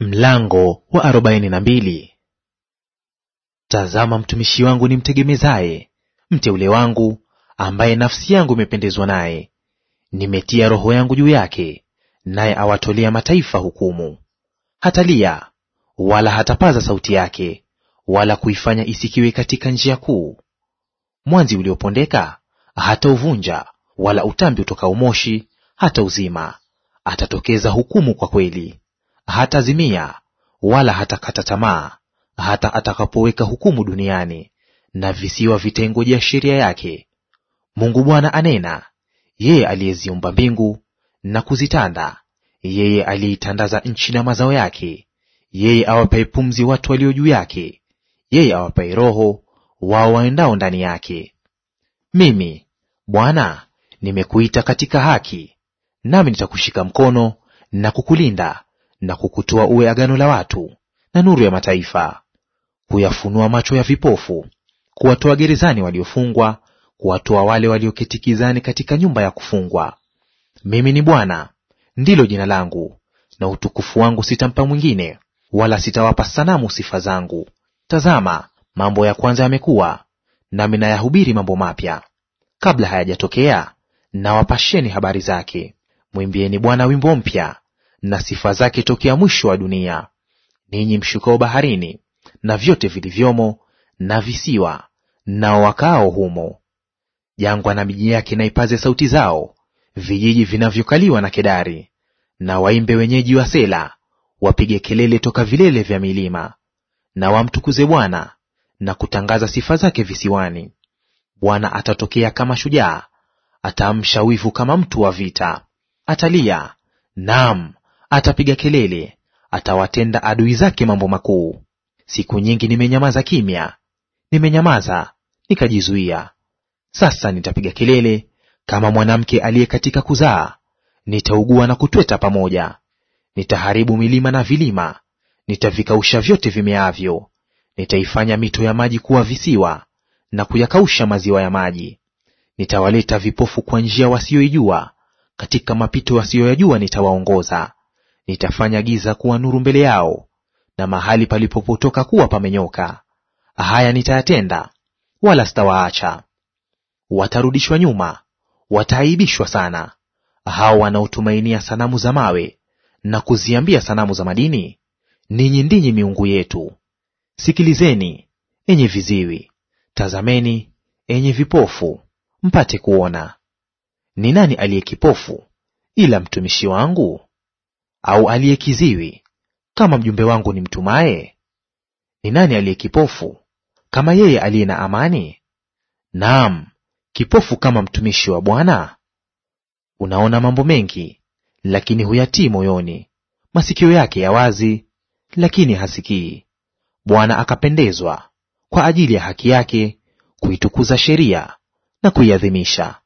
Mlango wa arobaini na mbili. Tazama mtumishi wangu nimtegemezaye, mteule wangu, ambaye nafsi yangu imependezwa naye. Nimetia roho yangu juu yake, naye awatolea mataifa hukumu. Hatalia wala hatapaza sauti yake, wala kuifanya isikiwe katika njia kuu. Mwanzi uliopondeka hatauvunja, wala utambi utokao moshi hatauzima. Atatokeza hukumu kwa kweli hatazimia wala hatakata tamaa hata atakapoweka hukumu duniani, na visiwa ya sheria yake. Mungu Bwana anena, yeye aliyeziumba mbingu na kuzitanda, yeye aliyeitandaza nchi na mazao yake, yeye awapaye pumzi watu walio juu yake, yeye awapaye roho wao waendao ndani yake. Mimi Bwana nimekuita katika haki, nami nitakushika mkono na kukulinda na kukutoa uwe agano la watu na nuru ya mataifa, kuyafunua macho ya vipofu, kuwatoa gerezani waliofungwa, kuwatoa wale walioketikizani katika nyumba ya kufungwa. Mimi ni Bwana, ndilo jina langu, na utukufu wangu sitampa mwingine, wala sitawapa sanamu sifa zangu. Tazama, mambo ya kwanza yamekuwa, nami nayahubiri mambo mapya; kabla hayajatokea nawapasheni habari zake. Mwimbieni Bwana wimbo mpya, na sifa zake tokea mwisho wa dunia, ninyi mshukao baharini na vyote vilivyomo na visiwa nao wakao humo. Jangwa na miji yake naipaze sauti zao, vijiji vinavyokaliwa na Kedari, na waimbe wenyeji wa Sela, wapige kelele toka vilele vya milima, na wamtukuze Bwana na kutangaza sifa zake visiwani. Bwana atatokea kama shujaa, ataamsha wivu kama mtu wa vita. Atalia, naam, atapiga kelele, atawatenda adui zake mambo makuu. Siku nyingi nimenyamaza kimya, nimenyamaza nikajizuia. Sasa nitapiga kelele kama mwanamke aliye katika kuzaa, nitaugua na kutweta pamoja. Nitaharibu milima na vilima, nitavikausha vyote vimeavyo. Nitaifanya mito ya maji kuwa visiwa na kuyakausha maziwa ya maji. Nitawaleta vipofu kwa njia wasiyoijua, katika mapito wasiyoyajua nitawaongoza. Nitafanya giza kuwa nuru mbele yao, na mahali palipopotoka kuwa pamenyoka. Haya nitayatenda, wala sitawaacha. Watarudishwa nyuma, wataaibishwa sana, hao wanaotumainia sanamu za mawe na kuziambia sanamu za madini, ninyi ndinyi miungu yetu. Sikilizeni enye viziwi, tazameni enye vipofu, mpate kuona. Ni nani aliye kipofu ila mtumishi wangu? au aliye kiziwi kama mjumbe wangu ni mtumaye Ni nani aliye kipofu kama yeye aliye na amani? Naam, kipofu kama mtumishi wa Bwana? Unaona mambo mengi, lakini huyatii moyoni; masikio yake ya wazi, lakini hasikii. Bwana akapendezwa kwa ajili ya haki yake kuitukuza sheria na kuiadhimisha.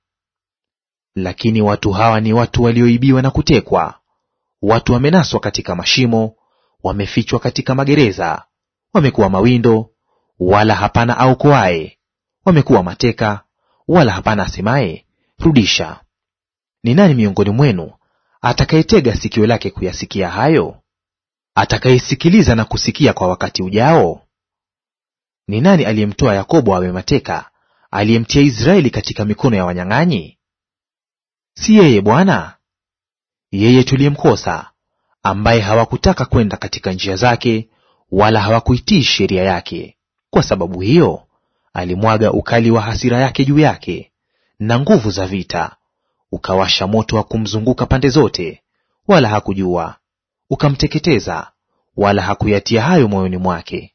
Lakini watu hawa ni watu walioibiwa na kutekwa, Watu wamenaswa katika mashimo, wamefichwa katika magereza, wamekuwa mawindo, wala hapana aokoaye, wamekuwa mateka, wala hapana asemaye rudisha. Ni nani miongoni mwenu atakayetega sikio lake kuyasikia hayo? Atakayesikiliza na kusikia kwa wakati ujao? Ni nani aliyemtoa Yakobo awe mateka, aliyemtia Israeli katika mikono ya wanyang'anyi? Si yeye Bwana? yeye tuliyemkosa, ambaye hawakutaka kwenda katika njia zake, wala hawakuitii sheria yake. Kwa sababu hiyo alimwaga ukali wa hasira yake juu yake, na nguvu za vita; ukawasha moto wa kumzunguka pande zote, wala hakujua; ukamteketeza, wala hakuyatia hayo moyoni mwake.